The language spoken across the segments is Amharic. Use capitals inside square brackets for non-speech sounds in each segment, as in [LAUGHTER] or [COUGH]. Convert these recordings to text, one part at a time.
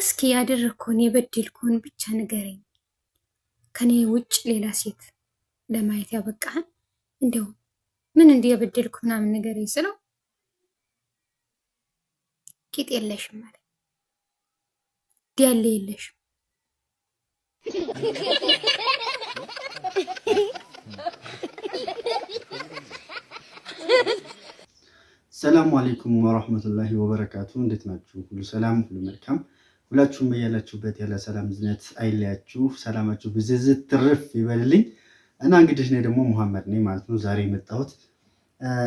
እስኪ ያደረግኩን የበደልኩን ብቻ ንገረኝ። ከኔ ውጭ ሌላ ሴት ለማየት ያበቃህን እንደው ምን እንዲህ የበደልኩ ምናምን ንገረኝ ስለው ቂጥ የለሽም ማለት ዲያሌ የለሽም ሰላሙ አሌይኩም ወራህመቱላሂ ወበረካቱ። እንዴት ናችሁ? ሁሉ ሰላም፣ ሁሉ መልካም ሁላችሁም በያላችሁበት ያለ ሰላም ዝነት አይለያችሁ። ሰላማችሁ ብዝዝት ትርፍ ይበልልኝ እና እንግዲህ እኔ ደግሞ መሐመድ ነኝ ማለት ነው ዛሬ የመጣሁት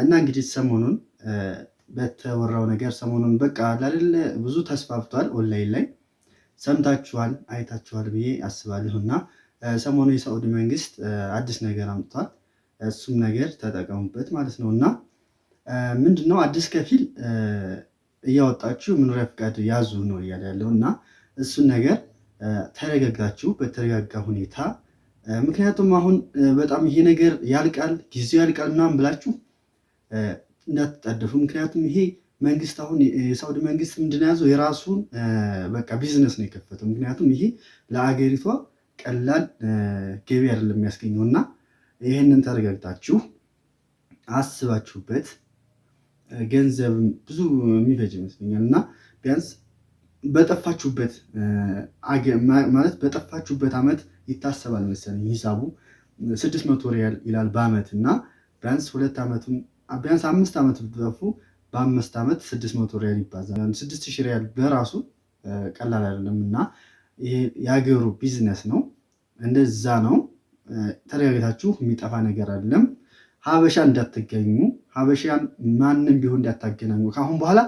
እና እንግዲህ ሰሞኑን በተወራው ነገር ሰሞኑን በቃ ላለ ብዙ ተስፋፍቷል። ኦንላይን ላይ ሰምታችኋል፣ አይታችኋል ብዬ አስባለሁ እና ሰሞኑ የሳዑዲ መንግስት አዲስ ነገር አምጥቷል። እሱም ነገር ተጠቀሙበት ማለት ነው እና ምንድነው አዲስ ከፊል እያወጣችሁ መኖሪያ ፈቃድ ያዙ ነው እያለ ያለው እና እሱን ነገር ተረጋግታችሁ በተረጋጋ ሁኔታ ምክንያቱም አሁን በጣም ይሄ ነገር ያልቃል፣ ጊዜው ያልቃል ምናምን ብላችሁ እንዳትጣደፉ። ምክንያቱም ይሄ መንግስት አሁን የሳውዲ መንግስት ምንድን ያዘው የራሱን በቃ ቢዝነስ ነው የከፈተው። ምክንያቱም ይሄ ለአገሪቷ ቀላል ገቢ አይደለም የሚያስገኘው እና ይህንን ተረጋግታችሁ አስባችሁበት ገንዘብ ብዙ የሚፈጅ ይመስለኛል እና ቢያንስ በጠፋችሁበት ማለት በጠፋችሁበት ዓመት ይታሰባል መሰለኝ ሂሳቡ ስድስት መቶ ሪያል ይላል በዓመት እና ቢያንስ ሁለት ዓመቱን ቢያንስ አምስት ዓመት ብትጠፉ በአምስት ዓመት ስድስት መቶ ሪያል ይባዛል። ስድስት ሺህ ሪያል በራሱ ቀላል አይደለም እና የሀገሩ ቢዝነስ ነው። እንደዛ ነው። ተረጋግታችሁ የሚጠፋ ነገር አይደለም። ሀበሻ እንዳትገኙ ሀበሻን ማንም ቢሆን እንዳታገናኙ ከአሁን በኋላ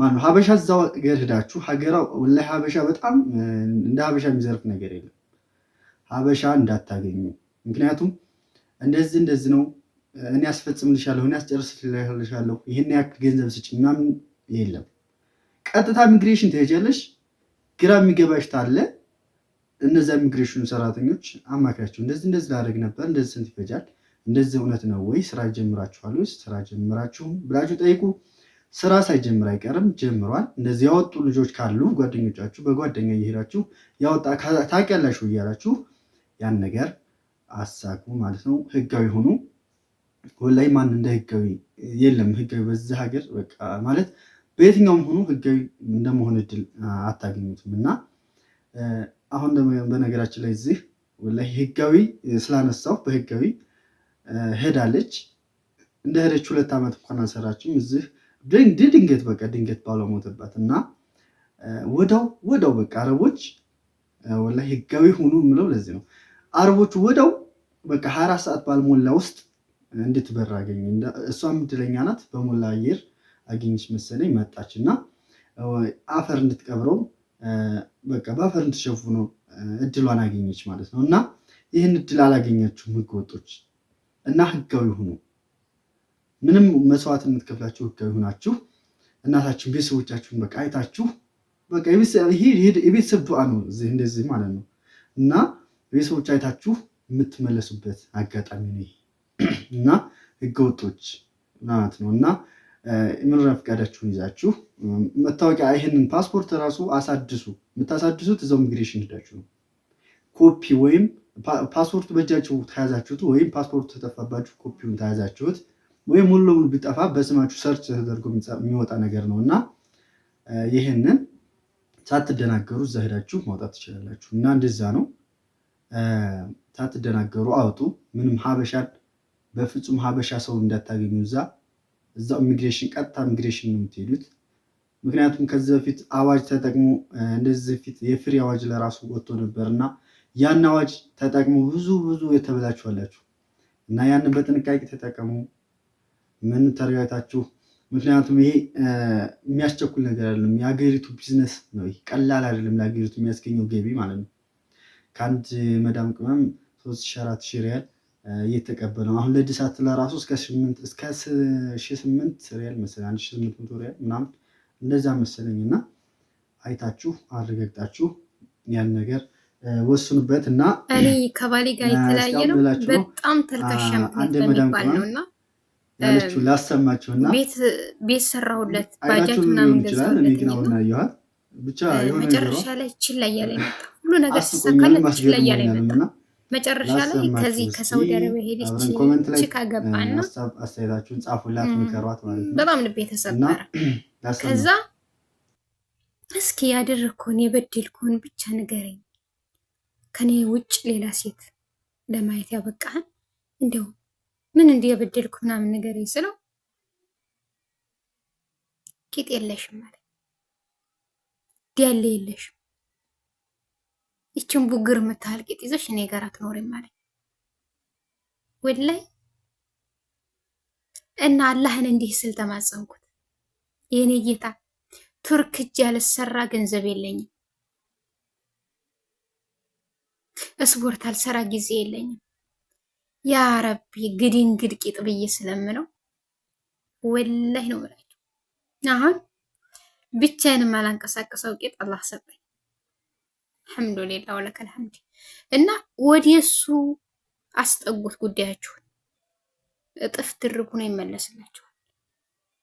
ማነው ሀበሻ እዛው ገር ሄዳችሁ ሀገራው ወላሂ ሀበሻ በጣም እንደ ሀበሻ የሚዘርፍ ነገር የለም። ሀበሻ እንዳታገኙ። ምክንያቱም እንደዚህ እንደዚህ ነው እኔ ያስፈጽምልሻለሁ፣ እኔ ያስጨርስልሻለሁ፣ ይህን ያክል ገንዘብ ስጭኝ ምናምን የለም። ቀጥታ ሚግሬሽን ትሄጃለሽ። ግራ የሚገባሽ ታለ እነዚያ ሚግሬሽኑ ሰራተኞች አማክራቸው እንደዚህ እንደዚህ ላደርግ ነበር እንደዚህ ስንት ይፈጃል እንደዚህ እውነት ነው ወይ? ስራ ጀምራችኋል ወይስ ስራ ጀምራችሁ ብላችሁ ጠይቁ። ስራ ሳይጀምር አይቀርም፣ ጀምሯል። እንደዚህ ያወጡ ልጆች ካሉ ጓደኞቻችሁ፣ በጓደኛ እየሄዳችሁ ያወጣ ታውቂያላችሁ እያላችሁ ያን ነገር አሳኩ ማለት ነው። ህጋዊ ሆኑ። ወላሂ ማን እንደ ህጋዊ የለም። ህጋዊ በዚህ ሀገር በቃ ማለት በየትኛውም ሆኑ ህጋዊ እንደመሆን እድል አታገኙትም። እና አሁን በነገራችን ላይ እዚህ ወላይ ህጋዊ ስላነሳው በህጋዊ ሄዳለች። እንደ ሄደች ሁለት ዓመት እንኳን አልሰራችም። እዚህ ድንገት በቃ ድንገት ባለሞተባት እና ወዳው ወዳው በቃ አረቦች ወላሂ ህጋዊ ሆኑ የምለው ለዚህ ነው። አረቦቹ ወዳው በቃ ሀያ አራት ሰዓት ባልሞላ ውስጥ እንድትበር አገኙ። እሷም እድለኛ ናት። በሞላ አየር አገኘች መሰለኝ መጣች እና አፈር እንድትቀብረው በቃ በአፈር እንድትሸፉ ነው እድሏን አገኘች ማለት ነው። እና ይህን እድል አላገኛችሁም ህገወጦች እና ህጋዊ ሁኑ። ምንም መስዋዕት የምትከፍላችሁ ህጋዊ ሁናችሁ እናታችሁን ቤተሰቦቻችሁን በቃ አይታችሁ የቤተሰብ ዱዓ ነው እንደዚህ ማለት ነው እና ቤተሰቦች አይታችሁ የምትመለሱበት አጋጣሚ ነው እና ህገወጦች ማለት ነው እና የመኖሪያ ፈቃዳችሁን ይዛችሁ መታወቂያ ይህንን ፓስፖርት ራሱ አሳድሱ። የምታሳድሱት እዛው ኢሚግሬሽን ሄዳችሁ ነው ኮፒ ወይም ፓስፖርቱ በእጃችሁ ተያዛችሁት ወይም ፓስፖርቱ ተጠፋባችሁ ኮፒውን ተያዛችሁት ወይም ሙሉ ለሙሉ ቢጠፋ በስማችሁ ሰርች ተደርጎ የሚወጣ ነገር ነው እና ይህንን ሳትደናገሩ እዛ ሄዳችሁ ማውጣት ትችላላችሁ። እና እንደዛ ነው። ሳትደናገሩ አውጡ። ምንም ሀበሻን በፍጹም ሀበሻ ሰው እንዳታገኙ እዛ እዛው ኢሚግሬሽን፣ ቀጥታ ኢሚግሬሽን ነው የምትሄዱት። ምክንያቱም ከዚህ በፊት አዋጅ ተጠቅሞ እንደዚህ በፊት የፍሪ አዋጅ ለራሱ ወጥቶ ነበር እና ያን አዋጅ ተጠቅሙ ብዙ ብዙ የተበላችኋላችሁ እና ያንን በጥንቃቄ ተጠቀሙ። ምን ተረጋግታችሁ። ምክንያቱም ይሄ የሚያስቸኩል ነገር አይደለም። የሀገሪቱ ቢዝነስ ነው። ይሄ ቀላል አይደለም። ለሀገሪቱ የሚያስገኘው ገቢ ማለት ነው። ከአንድ መዳም ቅመም ሶስት ሺ አራት ሺ ሪያል እየተቀበለው አሁን ለድሳት ለራሱ እስከ ሺ ስምንት ሪያል መሰለኝ አንድ ሺ ስምንት መቶ ሪያል ምናምን እንደዛ መሰለኝ እና አይታችሁ አረጋግጣችሁ ያን ነገር ወስኑበት እና እኔ ከባሌ ጋር የተለያየ ነው። በጣም ተልካሻ ምክንያት በሚባል ነው እና ያለችው ላሰማችሁ እና ቤት ሰራሁለት ባጃጅ ምናምን ገዛሁለት ብቻ መጨረሻ ላይ ችላ እያለ ይመጣ ሁሉ ነገር ሲሳካለት ላይ እያለ ይመጣ። መጨረሻ ላይ ከዚህ ከሳውዲ አረቢያ ሄደች ችካ ገባና አስተያየታችሁን ጻፉላት፣ ምከሯት ማለት ነው። በጣም ልቤ ተሰበረ። [CLEARS THROAT] ከዛ እስኪ ያደረግኩን የበደልኩን ብቻ ንገረኝ ከኔ ውጭ ሌላ ሴት ለማየት ያበቃህን እንዲሁ ምን እንዲህ የበደልኩ ምናምን ነገር ስለው ቂጥ የለሽም ማለት ዲያለ የለሽም ይችን ቡግር የምታህል ቂጥ ይዘሽ እኔ ጋር አትኖሪም ማለት ላይ እና አላህን እንዲህ ስል ተማጸንኩት። የኔ ጌታ ቱርክ እጅ ያልሰራ ገንዘብ የለኝም ስፖርት አልሰራ ጊዜ የለኝም። ያ ረቢ ግድን ግድ ብዬ ስለምለው ወላይ ነው ምላቸው አሁን ብቻዬንም አላንቀሳቀሰው ቂጥ አላህ ሰጠኝ። አልሐምዱሊላህ ወለከል ሐምድ እና ወደ አስጠጉት ጉዳያችሁን እጥፍ ድርብ ነው ይመለስላችኋል።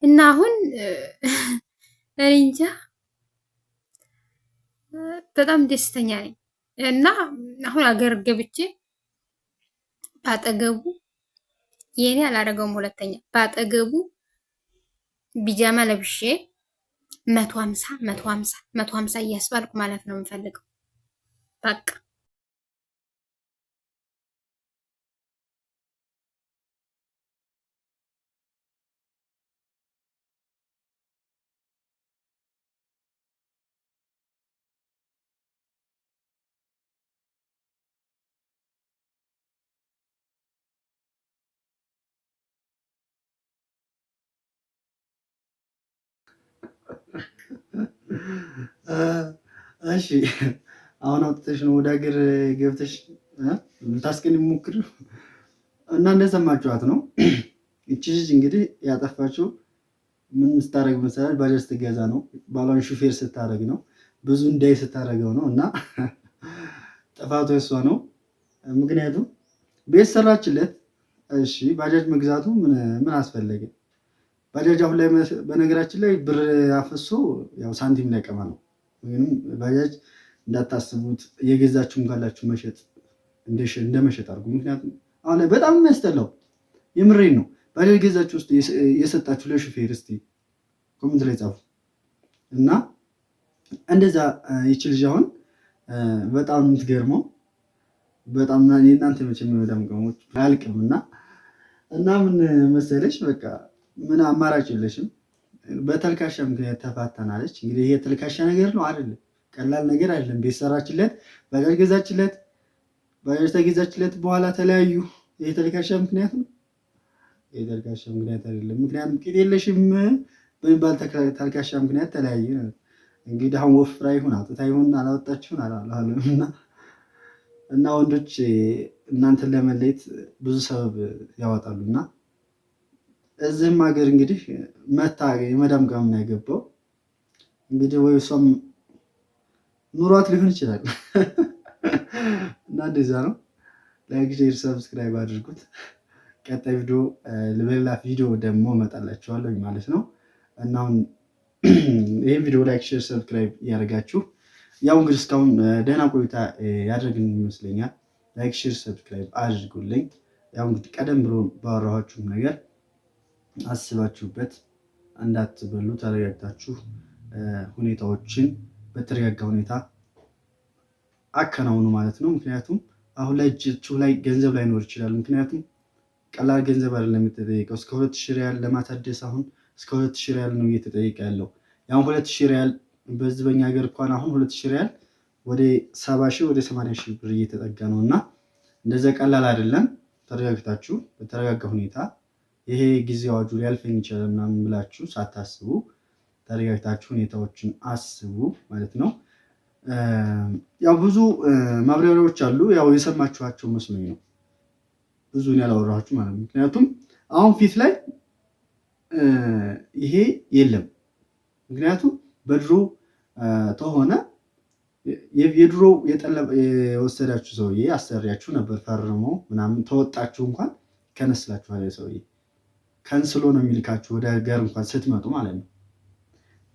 እና አሁን እንጃ በጣም ደስተኛ ነኝ። እና አሁን አገር ገብቼ ባጠገቡ የኔ አላደረገውም። ሁለተኛ ባጠገቡ ቢጃማ ለብሼ መቶ ሀምሳ መቶ ሀምሳ መቶ ሀምሳ እያስባልኩ ማለት ነው የምፈልገው በቃ እሺ አሁን አውጥተሽ ነው ወደ ሀገር ገብተሽ ታስቀን ሞክር እና እንደሰማችኋት ነው። እቺ ልጅ እንግዲህ ያጠፋችው ምን ስታደረግ መሰላል? ባጃጅ ስትገዛ ነው። ባሏን ሹፌር ስታደረግ ነው። ብዙ እንዳይ ስታደረገው ነው። እና ጥፋቱ የሷ ነው። ምክንያቱም ቤት ሰራችለት። እሺ ባጃጅ መግዛቱ ምን አስፈለገ? ባጃጅ አሁን ላይ በነገራችን ላይ ብር አፈሶ ያው ሳንቲም ላይቀማ ነው። ወይም ባጃጅ እንዳታስቡት የገዛችሁም ካላችሁ መሸጥ እንደ መሸጥ አድርጉ። ምክንያቱም አሁን ላይ በጣም የሚያስጠላው የምሬን ነው። ባጃጅ ገዛችሁ ውስጥ የሰጣችሁ ለሹፌር እስኪ ኮሜንት ላይ ጻፉ እና እንደዛ ይች ልጅ አሁን በጣም የምትገርመው በጣም የእናንተ መቼ የሚወዳም ገሞች አያልቅም እና እና ምን መሰለሽ በቃ ምን አማራጭ የለሽም። በተልካሻ ምክንያት ተፋተናለች። እንግዲህ ይሄ ተልካሻ ነገር ነው አይደለም፣ ቀላል ነገር አይደለም። ቤት ሰራችለት፣ ባጃጅ ገዛችለት፣ ባጃጅ ተገዛችለት፣ በኋላ ተለያዩ። ይሄ ተልካሻ ምክንያት ነው። ይሄ ተልካሻ ምክንያት አይደለም። ምክንያቱም ቂጥ የለሽም በሚባል ተልካሻ ምክንያት ተለያዩ። እንግዲህ አሁን ወፍራ ይሁን አጥታ ይሁን አላወጣችሁን አላለምና እና ወንዶች እናንተን ለመለየት ብዙ ሰበብ ያወጣሉና እዚህም ሀገር እንግዲህ መታ የመዳም ጋር ነው ያገባው። እንግዲህ ወይ እሷም ኑሯት ሊሆን ይችላል [LAUGHS] እና እንደዚያ ነው። ላይክ፣ ሼር፣ ሰብስክራይብ አድርጉት። ቀጣይ ቪዲዮ ለሌላ ቪዲዮ ደግሞ እመጣላችኋለሁ ማለት ነው እና አሁን [CLEARS THROAT] ይህ ቪዲዮ ላይክ፣ ሼር፣ ሰብስክራይብ እያደረጋችሁ ያው እንግዲህ እስካሁን ደህና ቆይታ ያደረግን ይመስለኛል። ላይክ፣ ሼር፣ ሰብስክራይብ አድርጉልኝ። ያው እንግዲህ ቀደም ብሎ ባወራኋችሁም ነገር አስባችሁበት እንዳትበሉ ተረጋግታችሁ ሁኔታዎችን በተረጋጋ ሁኔታ አከናውኑ ማለት ነው። ምክንያቱም አሁን ላይ እጃችሁ ላይ ገንዘብ ላይኖር ይችላል። ምክንያቱም ቀላል ገንዘብ አይደለም የምትጠይቀው። እስከ ሁለት ሺህ ሪያል ለማሳደስ አሁን እስከ ሁለት ሺህ ሪያል ነው እየተጠየቀ ያለው። ያሁን ሁለት ሺህ ሪያል በዚህ በኛ ሀገር እንኳን አሁን ሁለት ሺህ ሪያል ወደ ሰባ ሺህ ወደ ሰማንያ ሺህ ብር እየተጠጋ ነው እና እንደዚያ ቀላል አይደለም። ተረጋግታችሁ በተረጋጋ ሁኔታ ይሄ ጊዜ አዋጁ ሊያልፈኝ ይችላል ምናምን ብላችሁ ሳታስቡ ተረጋግታችሁ ሁኔታዎችን አስቡ ማለት ነው። ያው ብዙ ማብራሪያዎች አሉ። ያው የሰማችኋቸው መስሎኝ ነው ብዙን ያላወራችሁ ማለት ነው። ምክንያቱም አሁን ፊት ላይ ይሄ የለም። ምክንያቱም በድሮ ተሆነ የድሮ የወሰዳችሁ ሰውዬ አሰሪያችሁ ነበር፣ ፈርሞ ምናምን ተወጣችሁ እንኳን ከነስላችኋል ሰውዬ ከንስሎ ነው የሚልካችሁ ወደ ሀገር እንኳን ስትመጡ ማለት ነው።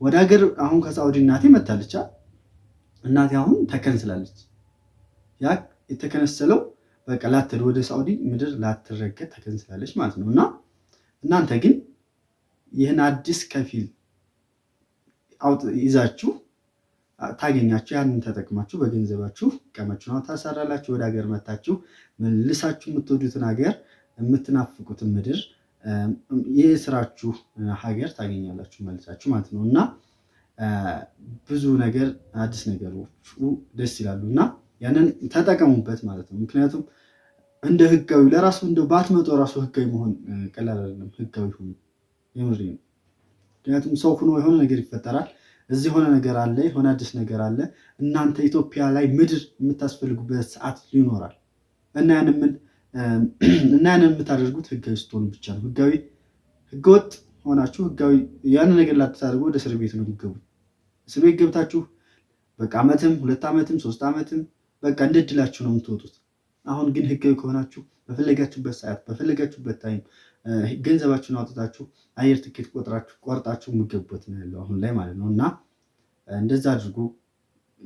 ወደ ሀገር አሁን ከሳዑዲ እናቴ መታለቻ እናቴ አሁን ተከንስላለች። ያ የተከነሰለው በቃ ላትሄድ ወደ ሳዑዲ ምድር ላትረገጥ ተከንስላለች ማለት ነው። እና እናንተ ግን ይህን አዲስ ከፊል ይዛችሁ ታገኛችሁ ያንን ተጠቅማችሁ በገንዘባችሁ ቀመችሁ ነው ታሰራላችሁ። ወደ ሀገር መታችሁ መልሳችሁ የምትወዱትን ሀገር የምትናፍቁትን ምድር የስራችሁ ሀገር ታገኛላችሁ መልሳችሁ ማለት ነው እና ብዙ ነገር አዲስ ነገሮቹ ደስ ይላሉ እና ያንን ተጠቀሙበት ማለት ነው። ምክንያቱም እንደ ህጋዊ ለራሱ እንደ ባትመጡ ራሱ ህጋዊ መሆን ቀላል አይደለም። ህጋዊ ሆኑ የምር ነው። ምክንያቱም ሰው ሆኖ የሆነ ነገር ይፈጠራል። እዚህ የሆነ ነገር አለ፣ የሆነ አዲስ ነገር አለ። እናንተ ኢትዮጵያ ላይ ምድር የምታስፈልጉበት ሰዓት ይኖራል እና ያንምን [CLEARS THROAT] እና ያንን የምታደርጉት ህጋዊ ስትሆኑ ብቻ ነው። ህጋዊ ህገወጥ ሆናችሁ ህጋዊ ያን ነገር ላታደርጉ ወደ እስር ቤት ነው የሚገቡ። እስር ቤት ገብታችሁ በቃ ዓመትም ሁለት ዓመትም ሶስት ዓመትም በቃ እንደ እድላችሁ ነው የምትወጡት። አሁን ግን ህጋዊ ከሆናችሁ በፈለጋችሁበት ሰዓት በፈለጋችሁበት ታይም ገንዘባችሁን አውጥታችሁ አየር ትኬት ቆጥራችሁ ቆርጣችሁ የምገቡበት ነው ያለው አሁን ላይ ማለት ነው። እና እንደዛ አድርጉ።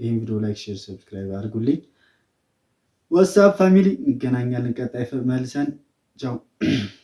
ይህን ቪዲዮ ላይክ፣ ሼር፣ ሰብስክራይብ አድርጉልኝ። ወሳብ ፋሚሊ እንገናኛለን። ቀጣይ መልሰን ጃው [CLEARS THROAT]